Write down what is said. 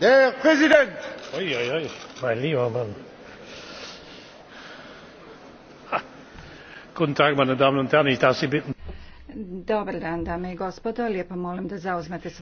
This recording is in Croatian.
Der Präsident! Uiuiui, oi. mein lieber Mann. Guten Tag, meine Damen und Herren, ich darf Sie bitten. Dobar dan, dame i gospodo. Lijepo molim da zauzmete